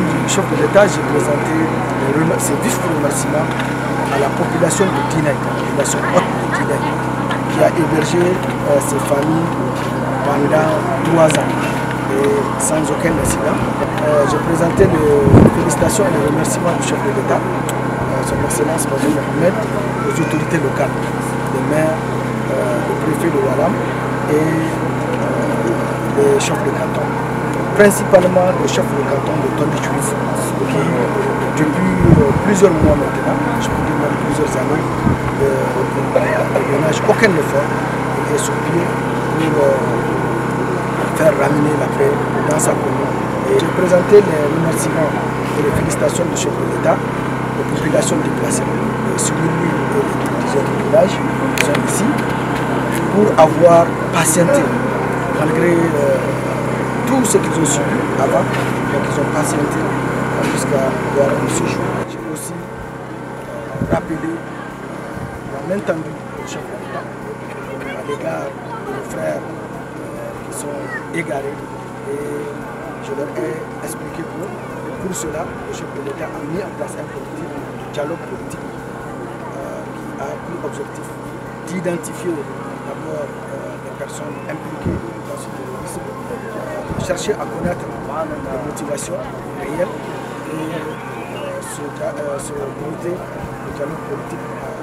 nom du chef de l'État, j'ai présenté le service remerciements à la population de Guinée, la population haute de Guinée, qui a hébergé euh, ses ces familles pendant trois ans et sans aucun incident. Euh, j'ai présenté les félicitations et les remerciements du chef de l'État, euh, son Excellence Madame Mohamed, aux autorités locales, les maires, euh, le préfet de Walam et les chefs de canton principalement le chef de canton de Tondichouis, qui euh, depuis euh, plusieurs mois maintenant, je peux dire plusieurs années, de, euh, de, aucun effort est sur pour faire ramener la paix dans sa commune. J'ai présenté les remerciements et les félicitations du chef de l'État aux populations déplacées, celui lui et les autres villages qui sont ici, pour avoir patienté malgré tout ce qu'ils ont subi avant, donc ils ont patienté jusqu'à ce jour. J'ai aussi euh, rappelé la main tendue au chef l'État, à l'égard de nos frères euh, qui sont égarés et je leur ai expliqué pour pour cela, le chef de l'État a mis en place un politique dialogue politique euh, qui a pour objectif d'identifier d'abord les personnes impliquées chercher à connaître la motivation réelle et euh, se, euh, se limiter le dialogue politique euh,